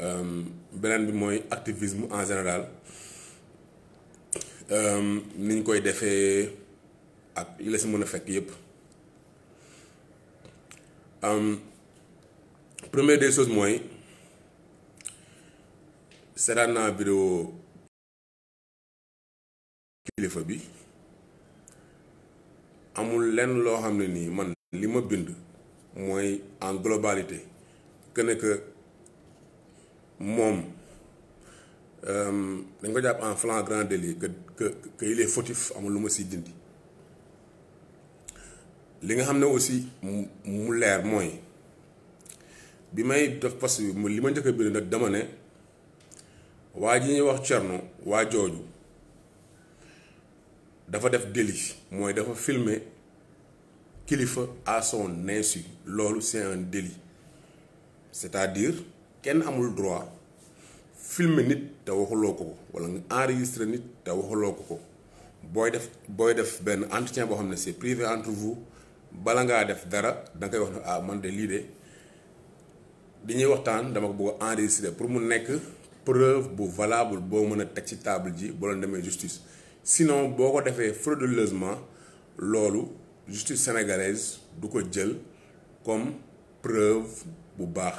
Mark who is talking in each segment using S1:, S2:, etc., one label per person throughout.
S1: Euh, beneen bi mooy activisme en général euh, ni koy defee ak li la si mën a fekk yépp euh, premier des choses mooy seetaan naa vidéo kilifa bi amul lenn loo xam ne nii man li ma bind mooy en globalité que ne que moom euh, dañ ko jàpp en flagrant délit que que que il est fautif amul lu ma si dindi li nga xam ne aussi mu leer mooy bi may def post li ma njëkk a bind nag dama waa ji ñuy wax Thierno waa jooju dafa def délit mooy dafa filme kilifa à son insu loolu c'est un délit c'est-à-dire. kenn amul droit filmer nit te waxuloo ko ko wala nga enregistrer nit te waxuloo ko ko booy def booy def benn entretien boo xam ne c'est privé entre vous bala ngaa def dara da ngay wax ne ah man de lii de di waxtaan dama ko bëgg a enregistrer pour mu nekk preuve bu valable boo mën a teg ci table ji boo leen demee justice sinon boo ko defee frauduleusement loolu justice sénégalaise du ko jël comme preuve bu baax.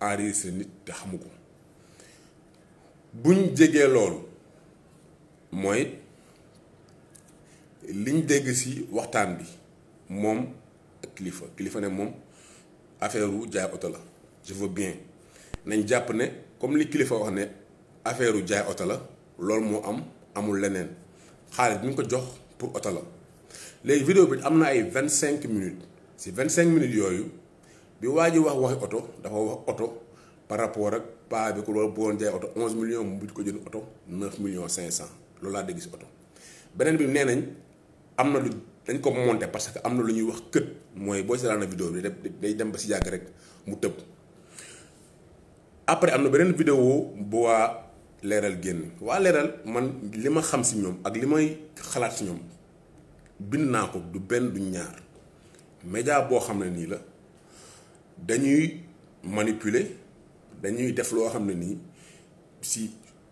S1: enregistré nit te xamu ko buñ jegee loolu mooy liñ dégg si waxtaan bi moom ak kilifa kilifa ne moom affaire u jaay oto la je veux bien nañ jàpp ne comme li kilifa wax ne affaire u jaay oto la loolu moo am amul leneen xaalis bi ñu ko jox pour oto la léegi vidéo bi am na ay vingt cinq minutes ci vingt cinq minutes yooyu bi waji wax wax auto dafa wax auto par rapport ak pa bi ko lol bon woon auto 11 millions bu ko jënd auto 9 millions 500 lol la dégg si oto beneen bi nenañ amna lu dañ ko monté parce que amna lu ñuy wax keut moy bo ci la na vidéo bi day dem ba ci jagg rek mu tëb après amna benen vidéo bo wa leral genn wa leral man lima xam ci ñom ak limay xalaat ci ñom bind na ko du ben du ñaar média bo xam ni la dañuy manipuler dañuy def loo xam ne nii si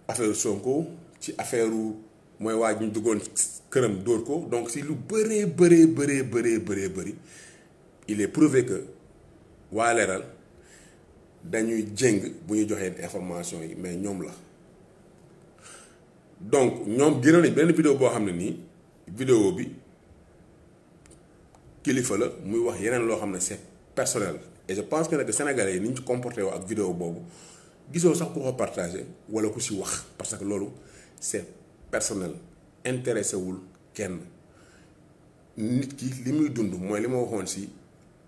S1: affaire Sonko ci affaire mooy waa ji ñu duggoon këram dóor ko donc si lu bëree bëree bëree bëree bëree bëri il est prouvé que waa leeral dañuy jéng bu ñu joxee information yi mais ñoom la donc ñoom génnoon nañ benn vidéo boo xam ne nii vidéo bi kilifa la muy wax yeneen loo xam ne c'est personnel et je pense que les sénégalais yi ni ñu ci comporté woo ak vidéo bobu gissou sax ko partager wala ko si wax parce que lolu c'est personnel intéressé wul kenn nit ki limuy dund moy lima waxone waxoon si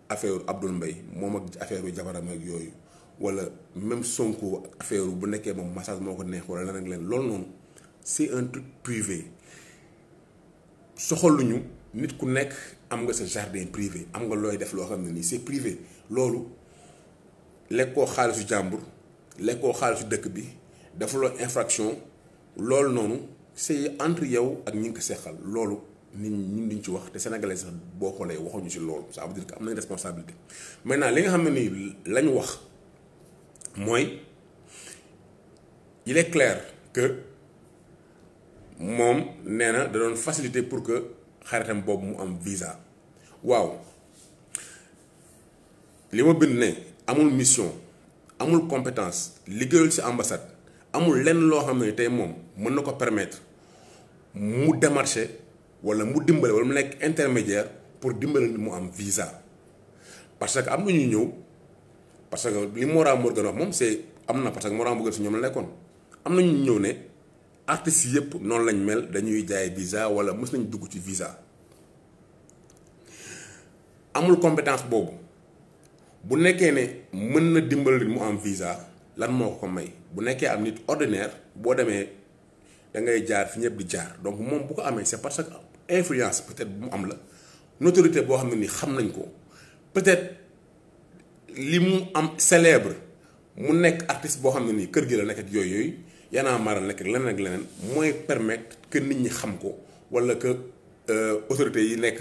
S1: affaire Abdoul Mbaye mom ak affaire jabaram ak yooyu wala même Sonko affaire bu nekké mom massage moko neex wala leneen ak leen loolu noonu c'est un truc privé soxaluñu nit ku nekk am nga sa jardin privé am nga loy def lo xam ne c'est privé loolu lekkoo xaalisu jàmbur lekkoo xaalisu dëkk bi defaloo infraction loolu noonu c'est entre yow ak ñi ko seqal loolu nit ñi ñun duñ ci wax te sénégalais sax boo xoolee waxuñu ci loolu ça veut dire que am nañ responsabilité maintenant li nga xam ne nii lañu wax mooy il est clair que moom nee na da doon faciliter pour que xaritam boobu mu am visa waaw li mo bind ne amul mission amul compétence liggéeyul ci ambassade amul lenn loo xam ne tey moom mën na ko permettre mu démarcher wala mu dimbale wala mu nekk intermédiaire pour dimbale mu am visa parce que am na ñëw parce que li Mora Morgan wax moom c'est am na parce que Mora Morgan si ñoom la nekkoon am na ñu ñëw ne artistes yépp noonu lañ mel dañuy jaay visa wala mës nañ dugg ci visa amul compétence boobu. bu nekkee ne mën na dimbali mu am visa lan moo ko may bu nekkee am nit ordinaire boo demee da ngay jaar fi ñëpp di jaar donc moom bu ko amee c'est parce que influence peut-être bu mu am la notorité boo xam ne nii xam nañ ko peut-être li mu am célèbre mu nekk artiste boo xam ne nii kër gi la nekk ak yooyu yooyu yanaa maaral nekk leneen ak leneen mooy permettre que nit ñi xam ko walla que euh, autorités yi nekk.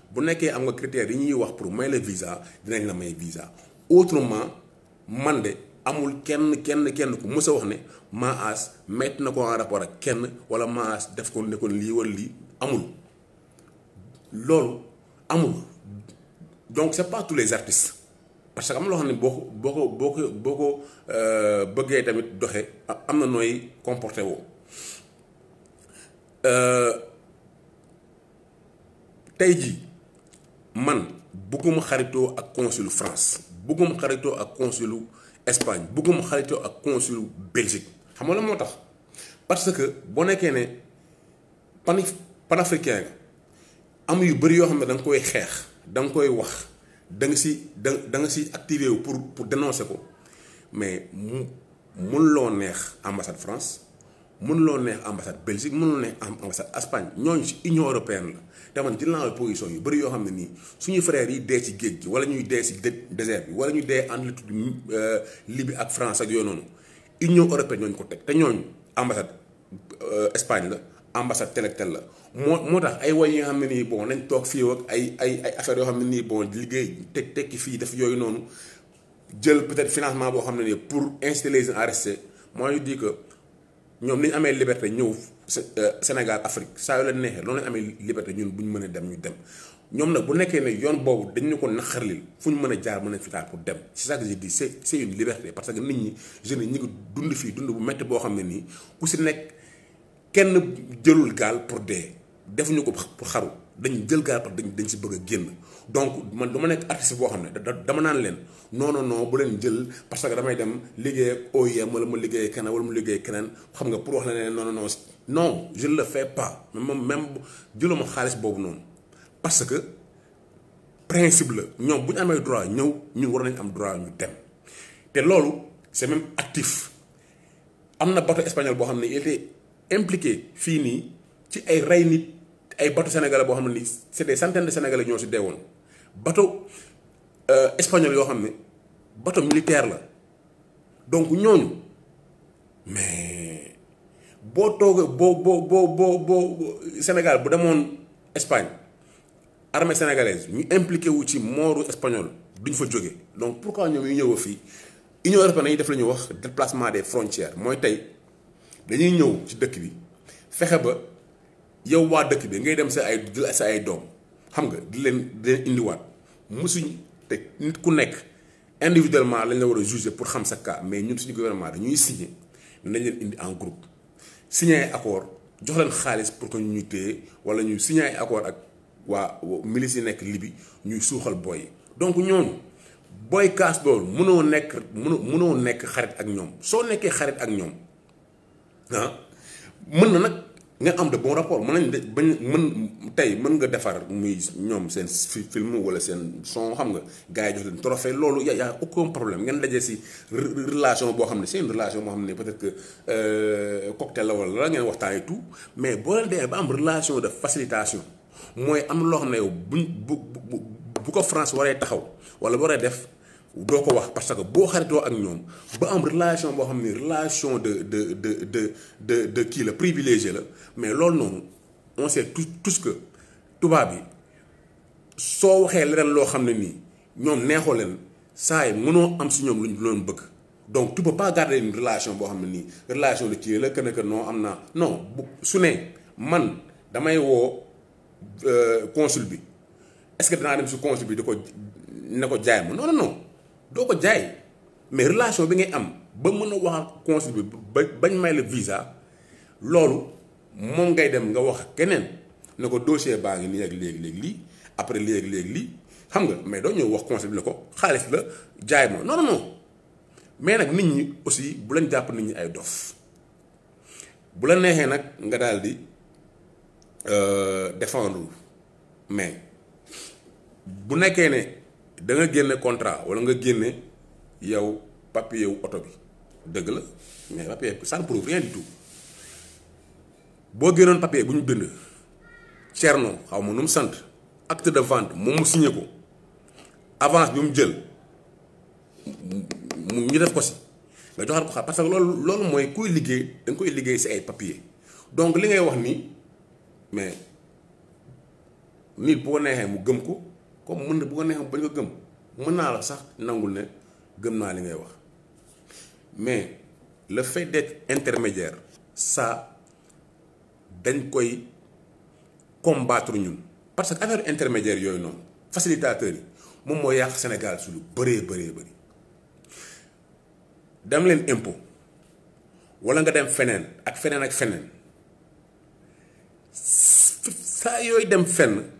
S1: bu nekkee am nga critères yi wax pour may la visa dinañ la may visa autrement man de amul kenn kenn kenn ku musa wax ne Maas met na ko en rapport ak kenn wala Maas def ko nekkoon li wal li amul loolu amul donc c'est pas tous les artistes parce que am lo xam boko boko boko boko euh boo tamit doxé amna noy nooy comporté woo euh, tey man bëgguma xaritoo ak consul France bëgguma xaritoo ak consulu Espagne bëgguma xaritoo ak consul Belgique xam nga la moo tax parce que boo nekkee ne pan panafricain am yu bëri yoo xam ne da nga koy xeex da nga koy wax da nga si da nga si activé wu pour pour dénoncer ko mais mu mun loo neex ambassade France mun loo neex ambassade Belgique mun loo neex ambassade Espagne ñooñu si Union européenne la te man jël naa position yu bëri yoo xam ne nii suñu frères yi dee ci géej gi wala ñuy dee si désert bi wala ñu dee en euh, Libye ak France ak yooyu noonu Union européenne ñooñu ko teg te ñooñu ambassade euh, Espagne la ambassade tel ak tel la moo moo tax ay way yi nga xam ne nii bon nañ toog fii ak ay ay ay yoo xam ne nii bon liggéey teg tekki fii def yooyu noonu jël peut-être financement boo xam ne nii pour inciter les gens à rester moi je ñoom ni ñu amee liberté ñëw euh, Sénégal Afrique saa yoo leen neexee loolu lañ amee liberté ñun bu ñu mën a dem ñu dem ñoom nag bu nekkee ne yoon boobu dañ ñu ko naqarlil fu ñu mën a jaar mën a pour dem c'est ça que je dis c'est c'est une liberté parce que nit ñi jeunes yi ñu ngi dund fii dund bu métti boo xam ne nii ku si nekk kenn jëlul gaal pour dee defuñu ko pour xaru dañ jël garab dañ dañ si bëgg a génn donc man dama nekk artiste boo xam ne dama naan leen non non non bu leen jël parce que damay dem liggéey ak OIM wala mu liggéey keneen wala mu liggéey keneen xam nga pour wax la ne non non non non je ne le fais pas même même jëluma xaalis boobu noonu parce que principe la ñoom bu ñu amee droit ñëw ñu war nañ am droit ñu dem te loolu c'est même actif am na bateau espagnol boo xam ne il était impliqué fii nii ci ay rey nit ay bateau sénégalais boo xam ne c'est des centaines de sénégalais ñoo si deewoon bateau euh, espagnol yoo xam ne bateau militaire la donc ñooñu mais boo toogee boo boo boo boo boo Sénégal bu demoon Espagne armée sénégalaise ñu impliqué wu ci mooru espagnol duñ fa jóge donc pourquoi ñoom ñu ñëw fii Union européenne dañuy def la ñuy wax déplacement des frontières mooy tey dañuy ñëw ci dëkk bi fexe ba. yow waa dëkk bi ngay dem sa ay sa ay doom xam nga di leen di leen indiwaat musuñ te nit ku nekk individuellement lañ la war a juger pour xam sa cas mais ñun suñu gouvernement dañuy signé nañ leen indi en groupe signé ay jox leen xaalis pour que ñu téye wala ñu signé ay ak waa milice yi nekk Libi ñuy suuxal booy yi donc ñooñu booy kaas loolu mënoo nekk mënoo nekk xarit ak ñoom soo nekkee xarit ak ñoom ah, mën na nag. nga am de bon rapport mën nañ bañ mën tay mën nga défar muy ñom sen film wala sen son xam nga gaay jox leen trophée lolu y' a y' a aucun problème ngeen daje ci relation bo xamné sen relation boo xamné peut-être que euh cocktail la wala la ngeen waxtaan et tout mais boo leen demee ba am relation de facilitation moy am loo xam bu bu ko France waré taxaw wala waré def do ko wax parce que boo xaritoo ak ñom ba am relation bo xamni relation de de de de de de qui le privilégié la mais lool non on sait tout ce que tubaab bi so waxé leneen lo xamni ne nii ñoom neexoo leen saa am si ñom luñ doon bëgg donc tu peux pas garder une relation bo xamni relation de qui le que ne que non amna non bu su man damay euh consul bi est-ce que danaa dem si consul bi di ko jaay non non non. doo ko jaay mais relation bi ngay am ba mën a wax ak consul bi ba bañ may la visa loolu moom ngay dem nga wax keneen ne ko dossier baa ngi nii ak léegi-léegi lii après léeg léegi lii xam nga mais doo ñëw wax consul bi ko xaalis la jaay ma non non non mais nag nit ñi aussi bu lañ jàpp nit ñi ay dof bu la neexee nag nga daal di euh, défendre mais bu nekkee ne. da génne contrat wala nga génne yow papier oto bi dëgg la mais papier ça ne prouve rien du tout boo génnoon papier bu ñu bind Cerno xaw ma nu mu sant acte de vente moom mu signé ko avance bi mu jël mu ñu def ko si nga joxaat ko xaar parce que loolu loolu mooy kuy liggéey da koy liggéey si ay papier donc li ngay wax ni mais nit boo neexee mu gëm ko. comme mën bu ko neexam bañ ko gëm mën naa la sax nangul ne gëm naa li ngay wax mais le fait d'être intermédiaire ça dañ koy combattre ñun parce que affaire intermédiaire yooyu noonu facilitateur yi moom moo yàq Sénégal su lu bëree bëree bëri dem leen impôt wala nga dem feneen ak feneen ak feneen saa yooyu dem fenn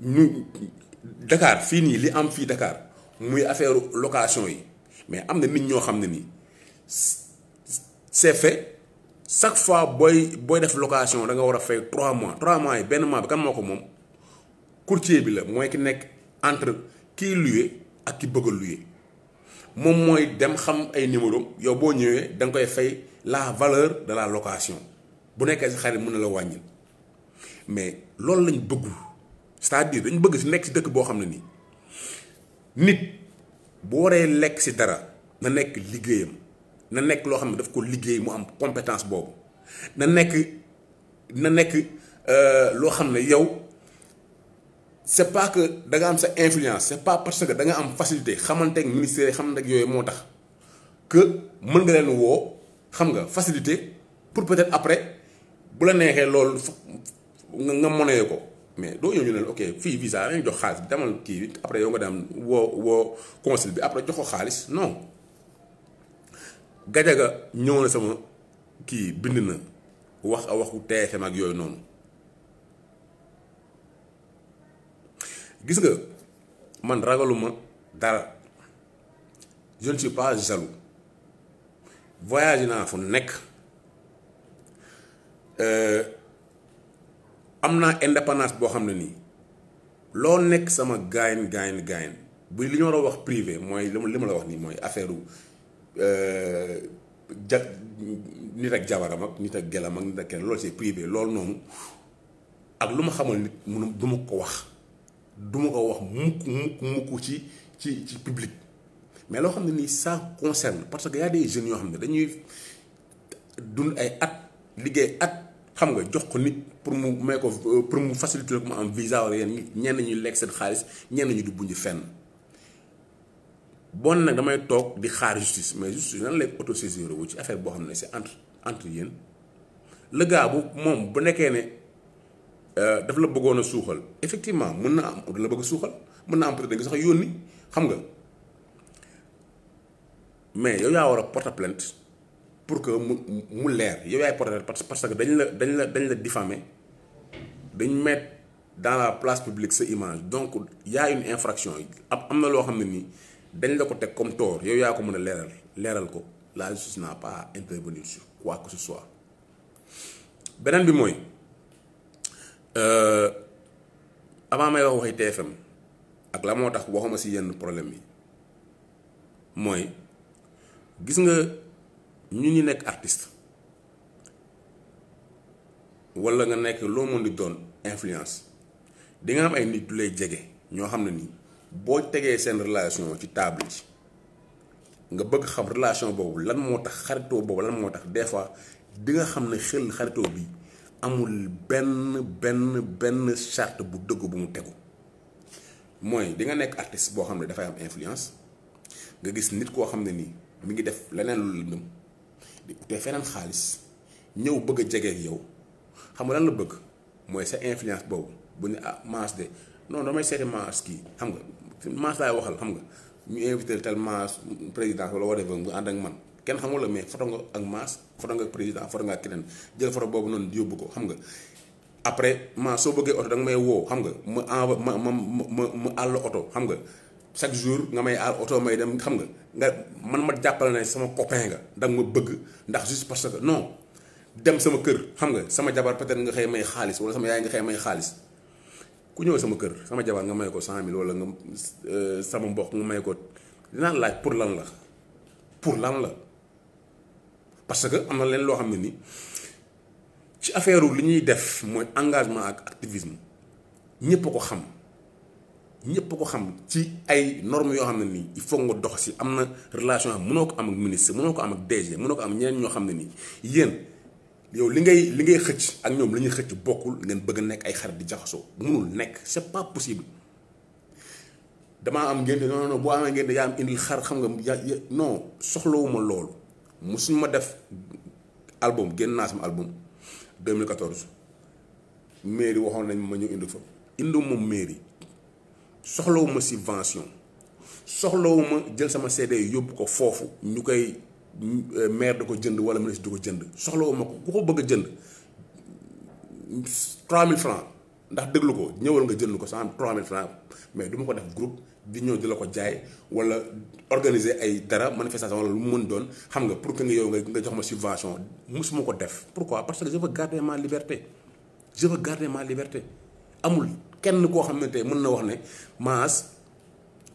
S1: ñu Dakar fii nii li am fii Dakar muy affaire location yi mais am na nit ñoo xam ne nii c'est fait chaque fois booy booy def location da nga war a fay trois mois trois mois yi benn mois bi kan moo ko moom courtier bi la mooy ki nekk entre kii loué ak ki bëgg a moom mooy dem xam ay numéro yow boo ñëwee da nga koy fay la valeur de la location bu nekkee si xarit mën na la wàññil mais loolu lañ bëggul c'est-à-dire dañ bëgg si nekk ci dëkk boo xam ne nii nit bu waree lekk si dara na nekk liggéeyam na nekk loo xam ne daf ko liggéey mu am compétence boobu na nekk na nekk euh, loo xam ne yow c'est pas que da nga am sa influence c'est pas parce que da nga am facilité xamante ak ministère yi xamante ak yooyu moo tax que mën nga leen woo xam nga facilité pour peut-être après bu la neexee loolu nga nga monee ko. Men, do yon yon el, ok, fi viza, ren yon do khaz, daman ki vit, apre yon gwa dam, wou, wou, konsil bi, apre yon do khalis, non. Gadega, nyon lese mwen, ki bin nin, wak a wak ou tè, fè ma gyo yon non. Giske, man ragolouman, dara, jen ti pa jalou. Voyaj nan foun, nek. Eee... Euh, am naa indépendance boo xam ne nii loo nekk sama gaayen gaayen gaayen bu li ñu war a wax privé mooy li ma la wax nii mooy affaire u euh, ja nit ak jabaram ak nit ak gelam ak nit ak kenn loolu c'est privé loolu noonu ak lu ma xamal nit munu du ma ko wax du ma ko wax mukk mukk mukk ci ci ci public mais loo xam ne nii ça concerne parce que y a des yoo xam ne dañuy dund ay at liggéey at xam nga jox ko nit pour mu may ko euh, pour mu faciliter ko mu am visa wala yenn ñenn ñuy lekk seen xaalis ñenn ñu du buñu fenn bon nag damay toog di xaar justice mais justice nan lay autosaisir wu ci affaire boo xam ne c'est entre entre yéen le gars bu moom bu nekkee ne euh, daf la bëggoon a suuxal effectivement mën na am la bëgg suuxal mën na am peut-être nga sax yónni xam nga mais yow yaa war a porter plainte pour que mu mu leer yow yaay porter parce parce que dañ la dañ la dañ la diffamer dañ mettre dans la place publique sa image donc y a une infraction ab am na loo xam ne nii dañ la ko teg comme tort yow yaa ko mën a leeral leeral ko la justice n'a pas intervenu sur quoi que ce soit beneen bi mooy euh, avant may wax waxi TFM ak la moo tax waxuma si yenn problème yi mooy gis nga. ñu ngi nekk artiste wala nga nekk loo mën di doon influence di nga am ay nit du lay jege ñoo xam ne nii boo tegee seen relation ci table ji nga bëgg xam relation boobu lan moo tax xaritoo boobu lan moo tax des fois di nga xam ne xel xaritoo bi amul benn benn benn charte bu dëgg bu mu tegu mooy di nga nekk artiste boo xam ne dafay am influence nga gis nit koo xam ne nii mu ngi def leneen lu lëndëm di feneen xaalis ñëw bëgg a jege yow xam nga lan la bëgg mooy sa influence boobu bu ne ah maas de non damay seeti maas kii xam nga maas laay waxal xam nga mu invité tel maas président wala wala a ànd ak man kenn xamul la mais foto nga ak maas foto nga ak président foto nga keneen jël foto boobu noonu yóbbu ko xam nga. après ma soo bëggee oto danga may woo xam nga mu env ma ma ma ma àll oto xam nga chaque jour nga may aar may dem xam nga nga man ma jàppale ne sama copain nga da nga ma bëgg ndax juste parce que non dem sama kër xam nga sama jabar peut nga xëy may xaalis wala sama yaay nga xëy may xaalis ku ñëw sama kër sama jabar nga may ko cent mille wala nga euh, sama mbokk nga may ko dinaa laaj pour lan la pour lan la parce que am na leen loo xam ne ni ci affaire li ñuy def mooy engagement ak activisme ñëpp ko xam. ñëpp ko xam ci ay normes yoo xam ne nii il faut nga dox si am na relation am mënoo ko am ak ministre mënoo ko am ak DG mënoo ko am ñeneen ñoo xam ne nii yéen yow li ngay li ngay xëcc ak ñoom lañuy xëcc bokkul ngeen bëgg a nekk ay xarit di jaxasoo mënul nekk c'est pas possible damaa am ngénte non non boo amee ngénte yaa am indil xar xam nga non soxlawuma loolu musuñu ma def album génn naa sama album 2014 mairie waxoon nañ ma ñëw indi fa indi moom mairie soxlawuma subvention soxlawuma jël sama CD yóbbu ko foofu ñu koy euh, maire da ko jënd wala ministre du ko jënd soxlawuma ko ku ko bëgg a jënd 3000 francs ndax déglu ko ñëwal nga jënd ko sans 3000 francs mais du ma ko def groupe di ñëw di la ko jaay wala organiser ay dara manifestation wala lu mu mën doon xam nga pour que nga yow nga nga jox ma subvention musuma ko def pourquoi parce que je veux garder ma liberté je veux garder ma liberté amul kenn ko xam ne mën na wax né Mass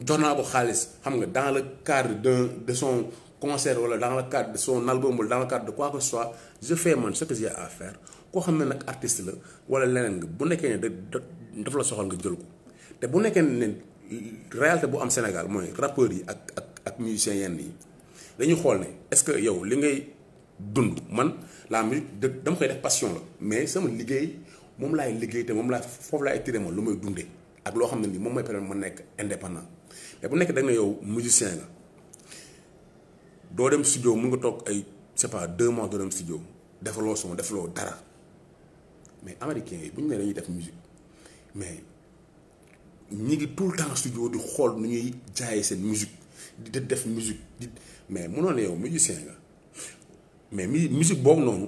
S1: jox naa ko xaalis xam nga dans le cadre d'un de son concert wala dans le cadre de son album wala dans le cadre de quoi que ce soit je fais man ce que j'ai à faire ko xamné nak artiste la wala leneen nga bu nekkee ne da la soxal nga jël ko té bu nekkee ne réalité bu am Sénégal mooy rappeurs yi ak ak ak musiciens yi dañuy xol né est-ce que yow li ngay dund man la musique dama koy def passion la mais sama liggéey mom suis un peu plus de foofu ma lumay dundé ak indépendant mais bu nek da yow musicien la do dem studio mu nga un ay pas deux mois do dem studio de son defaloo dara mais américain yi bu ñu musique mais ils ngi tout le temps studio di xol nu ñuy sen musique di def musique mais munoon ne yow musicien mais musique boobu noonu.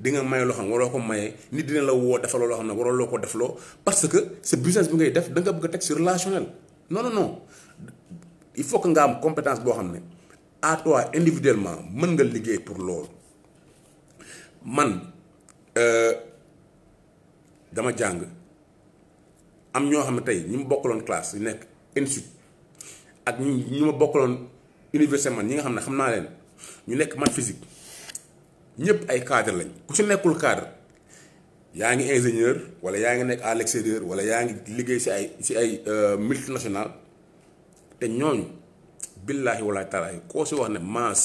S1: di nga maye loo xam ne waroo ko maye nit dina la woo defaloo loo xam ne waroo loo ko defloo parce que sa business bi ngay def da bëgg a teg si relationnel non non non il faut que nga am compétence boo xam ne à toi individuellement mën nga liggéey pour loolu man euh, dama jàng am ñoo xam ne tey ñi ma bokkaloon classe yu nekk institut ak ñu ñu ma bokkaloon université man ñi nga xam ne xam naa leen ñu nekk man physique. ñëpp ay cadre lañ ku ci nekkul cadre yaa ngi ingénieur wala yaa ngi nekk à l'extérieur wala yaa ngi liggéey si ay si ay euh, multinational te ñooñu billaahi wala taala yi koo si wax ne maas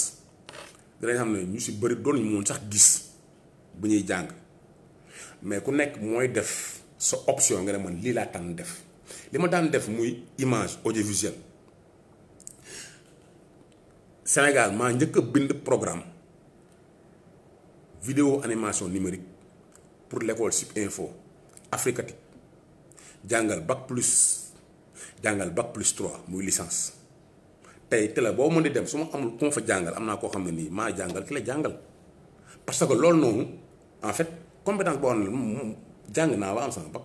S1: danañ xam ne ñu si bëri doon ñu moon sax gis bu ñuy jàng mais ku nekk mooy def sa option nga ne man lii laa tànn def li ma daan def muy image audiovisuelle Sénégal maa njëkk a bind programme vidéo animation numérique pour l'école SUP Info Africatique jangal bac plus jangal bac plus 3 moy licence tey la bo mo di dem suma amul ku ma amna ko xamné ni ma jangal ne ki la jangal parce que lool non en fait compétence boo xam na wa am sama bac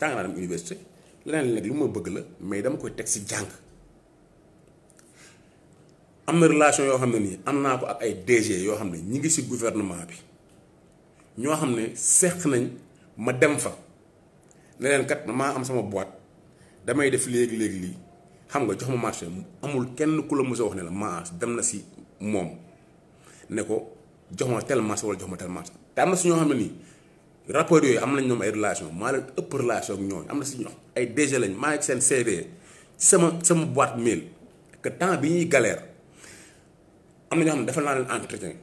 S1: jàng na dem université lenen li luma bëgg la mais dama koy ci am na relation yoo xam ne nii am naa ko ak ay DG yoo xam ne ñi ngi si gouvernement bi ñoo xam ne seq nañ ma dem fa ne leen kat maa am sama boîte damay def léegi-léegi lii xam nga jox ma marché amul kenn ku la mës wax ne la maa dem na si moom ne ko jox ma tel marché wala jox ma tel marché te am na ci ñoo xam ne nii rapport yooyu am nañ ñoom ay relation maa leen ëpp relation ak ñooñu am na si ñoo ay DG lañ maa ngi seen CV sama sama boîte mail que temps bi ñuy galère am na ñoo xam ne dafa naa leen entretien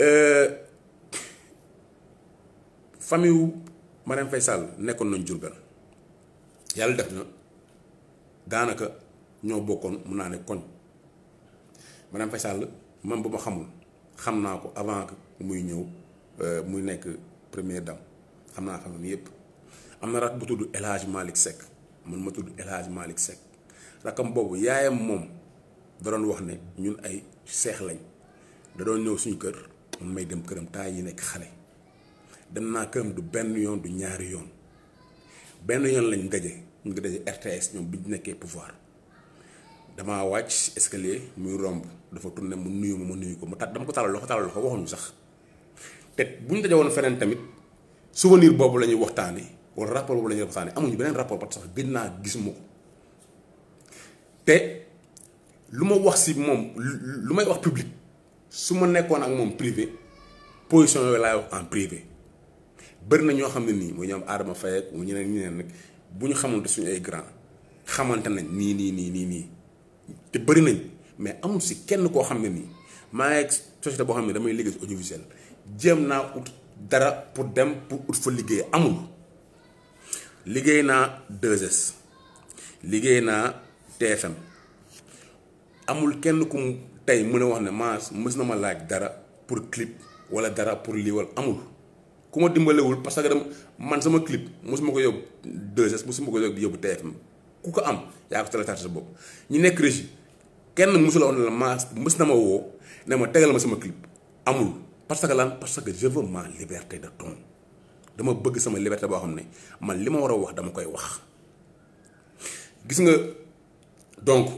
S1: euh, famille wu Marème Faye Sall nekkoon nañ Jurbel yàlla def na daanaka ñoo bokkoon mun naa ne koñ Marème Faye Sall man bu ma xamul xam naa ko avant que muy ñëw euh, muy nekk première dame xam naa famille yëpp am na rak bu tudd El Hadj Malick Seck man ma tudd El Hadj Malick Seck boobu yaayam moom. da doon wax ne ñun ay seex lañ da doon ñëw suñu kër man may dem këram temps yi nekk xale dem naa këram du benn yoon du ñaari yoon benn yoon lañ daje ñu ngi daje RTS ñoom bu ñu nekkee pouvoir damaa wàcc escalier muy romb dafa tourné mu nuyu mu ma nuyu ko mu tax dama ko tàllal loxo tàllal loxo waxuñu sax te bu ñu daje woon feneen tamit souvenir boobu la ñuy waxtaanee wala rapport boobu la ñuy amuñu beneen rapport parce que gëj naa gisuma ko lu ma wax si moom lu may wax publique su ma nekkoon ak moom privé position yooyu laay wax en privé bëri na ñoo xam ne nii mooy ñoom Adama Faye ak mu ñeneen ñeneen nag bu ñu xamante suñu ay grand xamante nañ nii nii nii nii nii te bëri nañ mais amul si kenn koo xam ne nii maa ngi ak société boo xam ne damay liggéey si audiovisuel jéem naa ut dara pour dem pour ut fa liggéey amul liggéey naa 2 liggéey naa TFM. amul kenn ku mu tey mën a wax ne maa mës na ma laaj dara pour clip wala dara pour lii wala amul ku ma dimbalewul parce que dama man sama clip mosuma ko yóbbu 2S mosuma ko yóbbu TFM ku ko am yaa ko teel a sa bopp ñu nekk régie kenn mosula woon la maa mës na ma woo ne ma tegal ma sama clip amul parce que lan parce que je veux ma liberté de ton dama bëgg sama liberté boo xam ne man li ma war a wax dama koy wax gis nga donc.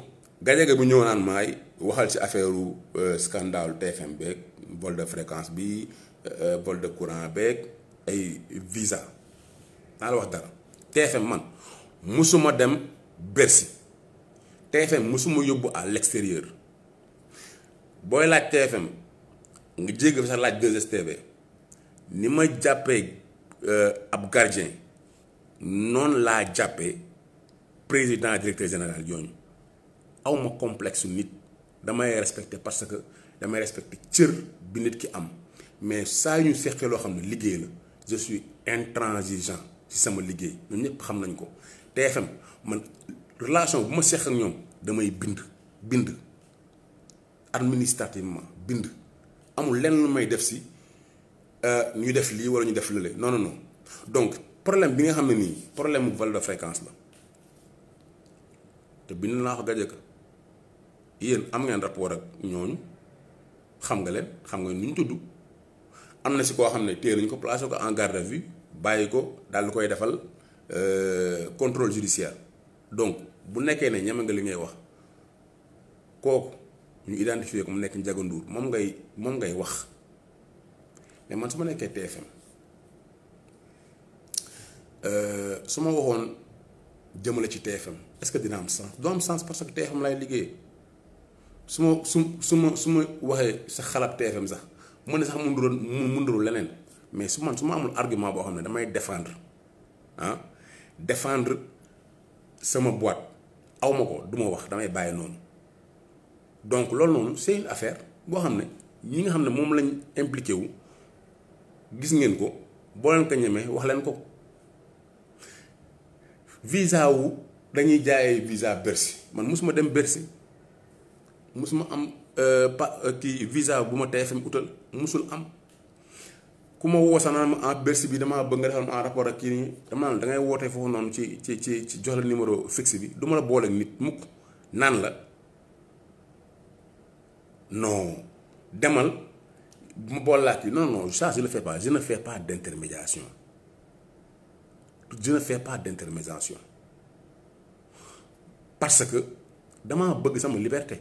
S1: Gadiaga bu ñëw naan maay waxal ci affaire euh, scandale TFM beeg vol de fréquence bi euh, vol de courant beeg ay visa naa la wax dara TFM man musuma dem Bercy TFM musuma yóbbu à l'extérieur booy laaj TFM nga jéggi fa sax laaj 2STV ni ma jàppee euh, ab gardien noon laa jàppee président directeur général yooñu aw ma complexe nit damay respecter parce que damay respecter cër bi nit ki am mais sa ñu séxé lo xam ne liggéey la je suis intransigeant ci sama liggéey ñun ñëpp xam nañ ko TFM man relation bu ma séx ak ñom damay bind bind administrativement bind amul lenn lu may def si euh, ñu def lii wala ñu def lële non non non donc problème bi nga xam ne nii problème val de fréquence la te bind naa ko gaje yéen am ngeen rapport ak ñooñu xam nga leen xam nga nu ñu tudd am na si koo xam ne téye nañ ko placé ko en garde à bàyyi ko daal di koy defal euh, contrôle judiciaire donc bu nekkee ne ñeme nga li ngay wax kooku ñu identifié ko mu nekk Ndiaga moom ngay moom ngay wax mais man su ma nekkee TFM euh, su ma waxoon jëmale ci TFM est que dina am sens du am sens parce que TFM lay liggéey. su ma su su ma su ma waxee sa xalaat TFM sax mu ne sax mu nduroon mu ndurul leneen mais su man su ma amul argument boo xam ne damay defendre ah défendre sama boîte awma ko du ma wax damay bàyyi noonu donc loolu noonu c'est affaire boo xam ne ñi nga xam ne moom lañ impliqué wu gis ngeen ko boo leen ko ñemee wax leen ko visa wu dañuy jaayee visa Bercy man mosuma dem Bercy. musuma am euh, pa euh, kii visa bu ma TFM utal musul am ku ma woo sax ma en ah, Bercy bi dama bëgg nga defal ma en rapport ak kii nii dama naan da ngay wootee foofu noonu ci ci ci ci jox la numéro fixe bi du ma la booleeg nit mukk naan la non demal ma boole laa non non ça je ne le fais pas je ne fais pas d' intermédiation je ne fais pas d' intermédiation parce que damaa bëgg sama liberté.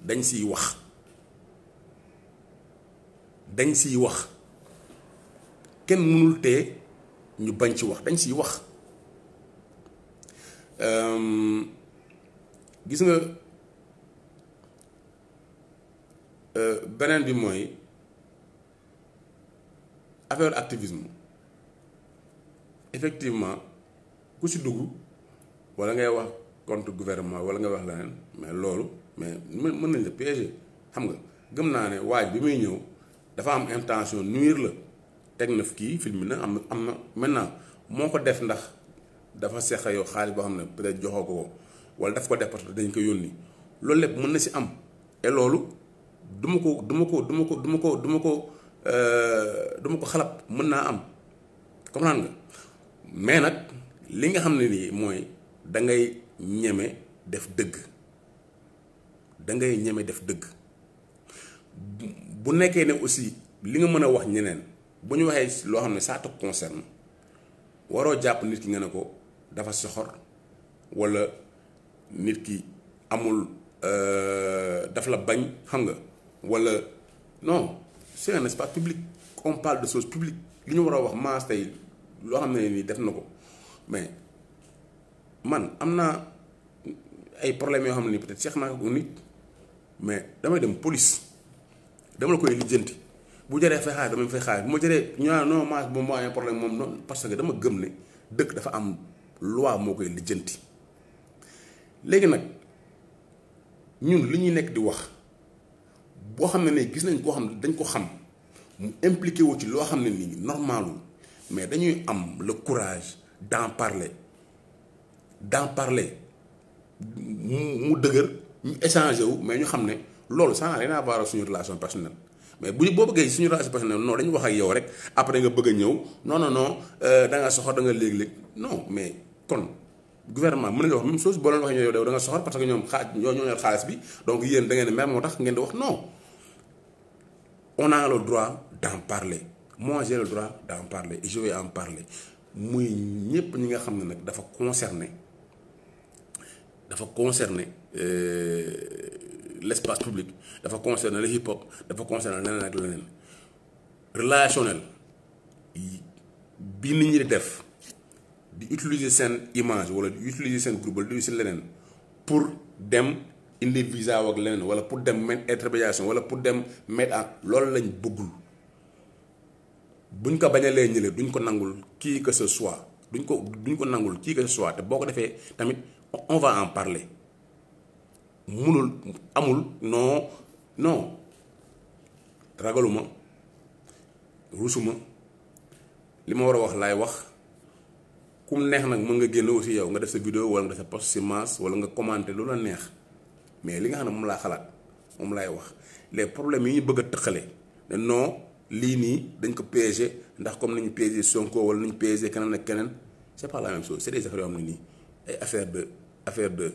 S1: dañ siy wax dañ siy wax kenn mënul tee ñu bañ ci wax dañ siy wax euh, gis nga euh, beneen bi mooy affaire activisme effectivement ku ci dugg wala ngay wax contre gouvernement wala nga wax leneen mais loolu mais mën nañ la piéger xam nga gëm naa ne waaj bi muy ñëw dafa am intention nuire la teg na fi kii film na am am na naa moo ko def ndax dafa seq yow xaalis boo xam ne peut-être joxoo ko ko wala daf ko def parce que dañ ko yónni loolu lépp mën na si am et loolu duma ko duma ko duma ko duma ko duma ko euh, duma ko xalab mën naa am comprendre nga mais nag li nga xam ne nii mooy da ngay ñeme def dëgg da ngay ñeme def dëgg bu nekkee ne aussi li nga mën a wax ñeneen bu ñu waxee loo xam ne ça te concerne waroo jàpp nit ki nga ne ko dafa soxor walla nit ki amul euh, daf la bañ xam nga walla non c'est un espace public on de choses publiques li ñu war a wax maas loo xam ne nii def na ko mais man am naa ay problèmes yoo xam ne nii peut-être seex naa ko nit. mais dama dem police dama koy lijjanti bu jëree fay je dama fay je bu non ma je parce que dama gëm ne dëkk dafa am loi qui koy lijjanti léegi ñun li ñuy di wax bo ne gis nañ xam dañ ko xam impliqué wu ci lo Je ne mais dañuy am le courage d'en parler d'en parler mu deuguer ñu échangé mais nous savons que ça n'a rien à voir suñu relation personnelle mais bu vous avez suñu relation personnelle non dañu wax ak yow rek après nga bëgg non non non euh, non mais kon gouvernement même chose da parce que ñoom xaaj ñoo ñoo donc da non on a le droit d'en parler moi j'ai le droit d'en parler et je vais en parler muy ñëpp ñi nga dafa l'espace public, public dafa concerner le hip hop il concerner leneen ak relationnel bi nit ñi di def utiliser image wala utiliser groupe pour dem indi visa ak pour dem mettre intermédiation wala pour dem mettre à loolu lañ bëggul buñ ko ko qui que ce soit ko qui que ce soit on va en parler. munul amul non non ragaluma rusuma li ma war a wax laay wax kum neex nag mun nga génn aussi yow nga def sa vidéo wala nga def sa post si masse wala nga commenter lu la neex mais li nga xam ne moom laa xalaat moom laay wax les problèmes yi ñu bëgg a tëqale ne non lii nii dañ ko piégé ndax comme nañu piégé Sonko nu nañu piégé keneen ak keneen c'est pas la même chose c'est des affaires yoo xam nii ay affaire de affaire de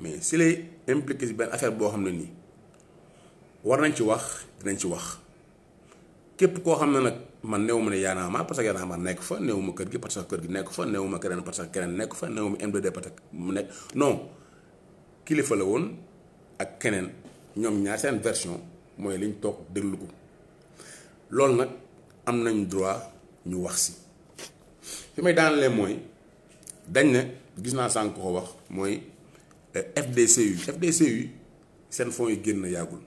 S1: mais si lay impliqué si benn affaire bo xamna ni war nañ ci wax dinañ ci wax képp koo xam ne nag man newuma ne yaanaama parce que yaanaama nekk fa newuma kër gi parce que kër gi nekk fa newuma keneen parce que keneen nekk fa newuma M2D parce que mu nekk non kilifa la woon ak keneen ñoom ñaar seen version mooy liñ toog déglu ko loolu nag am nañ droit ñu wax si fi may daanalee mooy dañ ne gis naa sànq ko wax mooy Eh, FDCU FDCU le fonds yi génn Yagoul.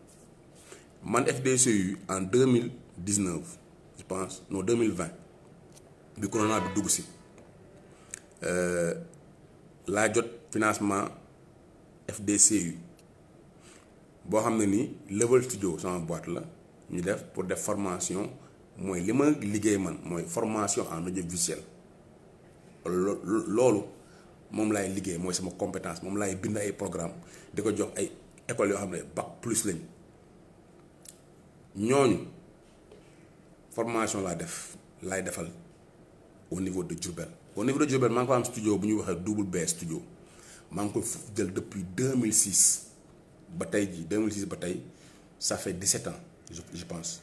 S1: man FDCU en 2019, je pense non 2020, du corona de euh, jot financement FDCU Bon, xamné ni level studio sama boîte la ñu def pour des formations, moy lima liggéey man formation en audiovisuel ça mom lay liggéey mooy sama compétence moom lay bind ay programme di ko jox ay école yoo xam ne bac plus lañ ñooñu formation laa def lay defal au niveau de Djoubel au niveau de Djoubel maa ngi ko am studio bu ñuy waxee double B studio maa ngi ko jël depuis 2006 ba tey jii 2006 ba tey ça fait 17 ans je pense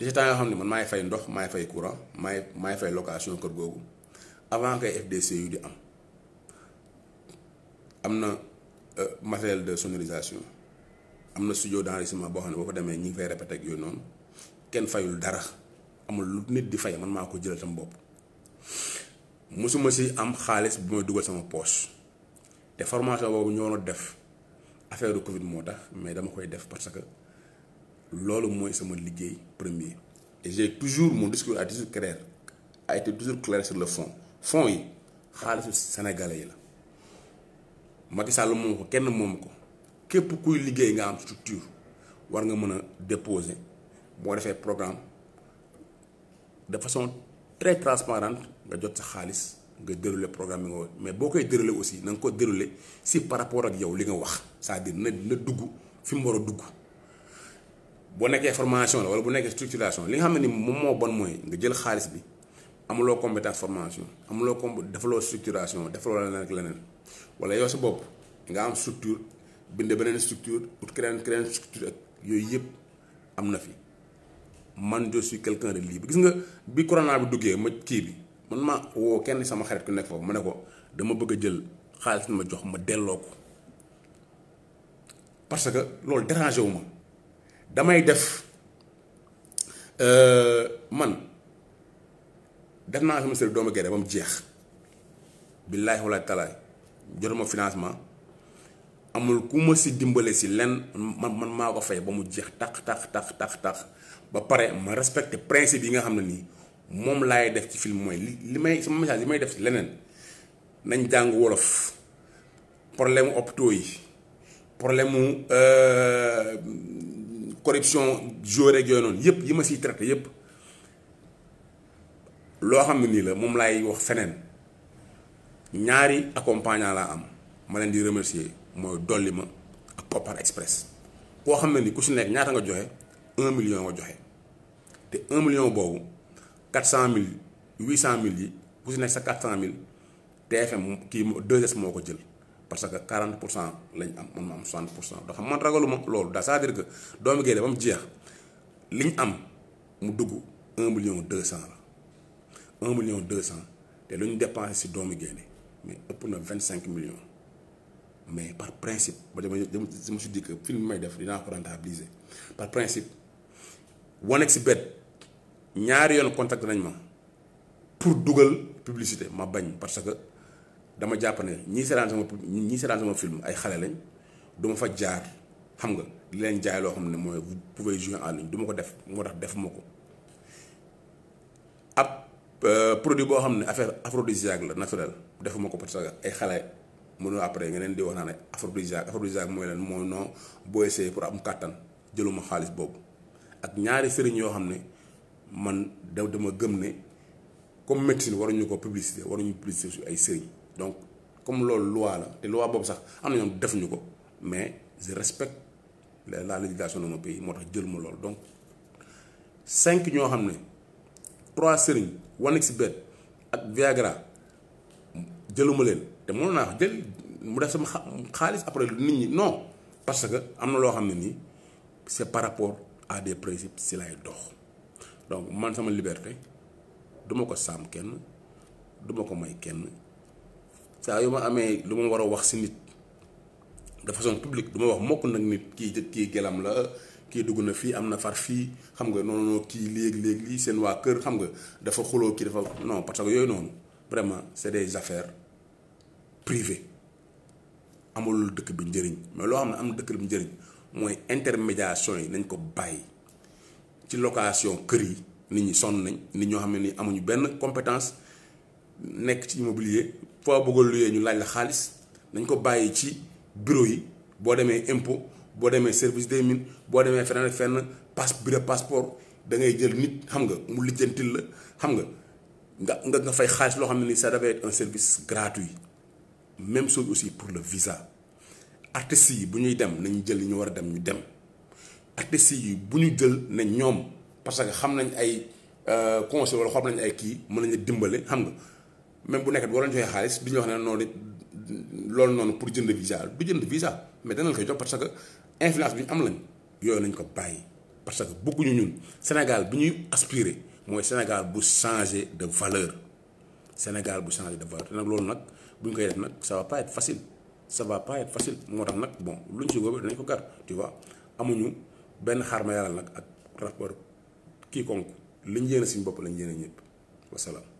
S1: 17 ans yoo xam ne man maay fay ndox maay fay courant maay maay fay location kër googu avant que FDCU di am amna euh, matériel de sonorisation amna studio d'enregistrement boo xam ne boo fa demee ñi fay répété ak yoy non kenn fayul dara amul lu nit di fay man mako jël tam sama musuma mosuma si am xaalis bu may duggal sama poche té formation boobu ñono def affaire du Covid motax mais dama koy def parce que lolu moy sama liggéey premier et j'ai toujours mon discours a toujours clair a été toujours clair sur le fond fond yi xaalisu sénégalais yi la. Macky Sall moom ko kenn moom ko képp kuy liggéey nga am structure war nga meuna a déposer boo defé programme de façon très transparente nga jot sa khalis nga dérouler programme nga mais bokay dérouler aussi na ko dérouler si par rapport ak yow li nga wax c'est-à-dire na na dugg fi mu war a dugg boo nekkee formation la wala bu nekkee structuration li nga xamni mo mo moom moo bon mooy nga jël khalis bi compétence formation structuration ak wala yow sa bop nga am structure bind une structure ut créer créer structure ak fi man je suis quelqu'un de libre gis nga bi corona bi duggé ma ki bi man ma wo kenn sama xarit ku nek fofu mané ko dama bëgg jël ma jox ma parce que Je damay def euh, man. Je sama sëriñ doomu géré bam jeex billahi wala la jotuma financement amul ku si si man man fay jeex ba ma principe yi nga xamné ni Je suis def ci film Je li may sama message li may def la nañ problèmes wolof problème problème euh, corruption joueur ak loo xam ne nii la moom laay wax feneen ñaari accompagnant laa am ma leen di remercier mooy dolli ma ak par Express koo xam ne ni ku si nekk ñaata nga joxe un million nga joxe te un million boobu quatre cent mille huit cent mille yi ku si nekk sa quatre cent mille TFM kii 2S moo ko jël parce que 40 pour cent lañ am man ma am 60 pour cent xam man ragaluma loolu daa cest dire que doomu géej ba mu jeex liñ am mu dugg un million deux cent la. 1 million deux cent te lu ñu dépensé si doomu gaynde mais ëpp na vingt cinq millions mais par principe je me suis dit que film bi may def dinaa ko rentabiliser par principe one ex bet ñaar yoon contact nañ ma pour dougal publicité ma bañ parce que dama jàpp ne ñii seetaan sama ñii seetaan sama film ay xalé lañ du fa jaar xam nga di leen jaay loo xam ne mooy vous pouvez jouer en ligne du ma ko def moo tax def ma ko. produit boo xam affaire aphrodisiaque naturel defuma ko parce que ay xale mënoo après nga leen di wax naa ne aphrodisiaque aphrodisiaque mooy non boo essayé pour am kàttan jëluma xaalis bob ak ñaari sëriñ yoo xam ne man da dama gëm ne comme médecine waruñu ko publicité waruñu publicité sur ay sëriñ donc comme loolu loi la te loi bob sax am na ñoom ko mais je respecte la législation de mon pays moi je jël ma donc cinq ñoo hamne trois sëriñ Wanexbet ak Viagra jëluma leen te mënoon naa ko jël mu def sama xaalis après nit ñi non parce que am na loo xam c'est par rapport à des principes si lay dox donc man sama liberté duma ko sàmm kenn duma ko may kenn saa yu ma amee lu ma war a wax si nit de façon publique duma wax mokk nag nit kii kii gelam la qui est na fii am far fi xam nga noonu noonu kii leg léegi lii seen waa kër xam nga dafa xuloo ki dafa non parce que yoy non vraiment c'est des affaires privées amul deuk bi njëriñ mais lo xam am deuk bi njëriñ moy intermédiation yi nañ ko baye ci location kër yi nit ñi son nañ nit ñoo xamni amuñu ben compétence nek ci immobilier foo bëgg a luyee ñu laaj la xaliss nañ ko baye ci bureau yi bo démé impôt bo démé service des mines boo demee feneen fenn passe bureau passeport da ngay jël nit xam nga mu lijjantil la xam nga nga nga fay xaliss lo xamni ne ni ça devait être un service gratuit même chose aussi pour le visa artistes yi bu ñuy dem nañu jël ñu war dem ñu dem artistes yi bu ñu jël na ñom parce que xam nañ ay euh conseil wala xam nañ ay ki mën nañu dimbalé xam nga même bu nekkat boo leen joxee xaalis du ñu wax na non lool non pour jënd visa du jënd visa mais dana la koy jox parce que influence bien ñu am ko paye. parce que de ñun Sénégal bi ñuy aspirer mooy Sénégal bu changer de valeur Sénégal bu changer de valeur te nag loolu nag bu def ça va pas être facile ça va pas être facile moo tax bon l'un si góobee dinañ ko gar tu vois amuñu ben xarma yàlla nag ak rapport quiconque liñ yéene suñu bopp lañ yéene ñëpp Wassalam.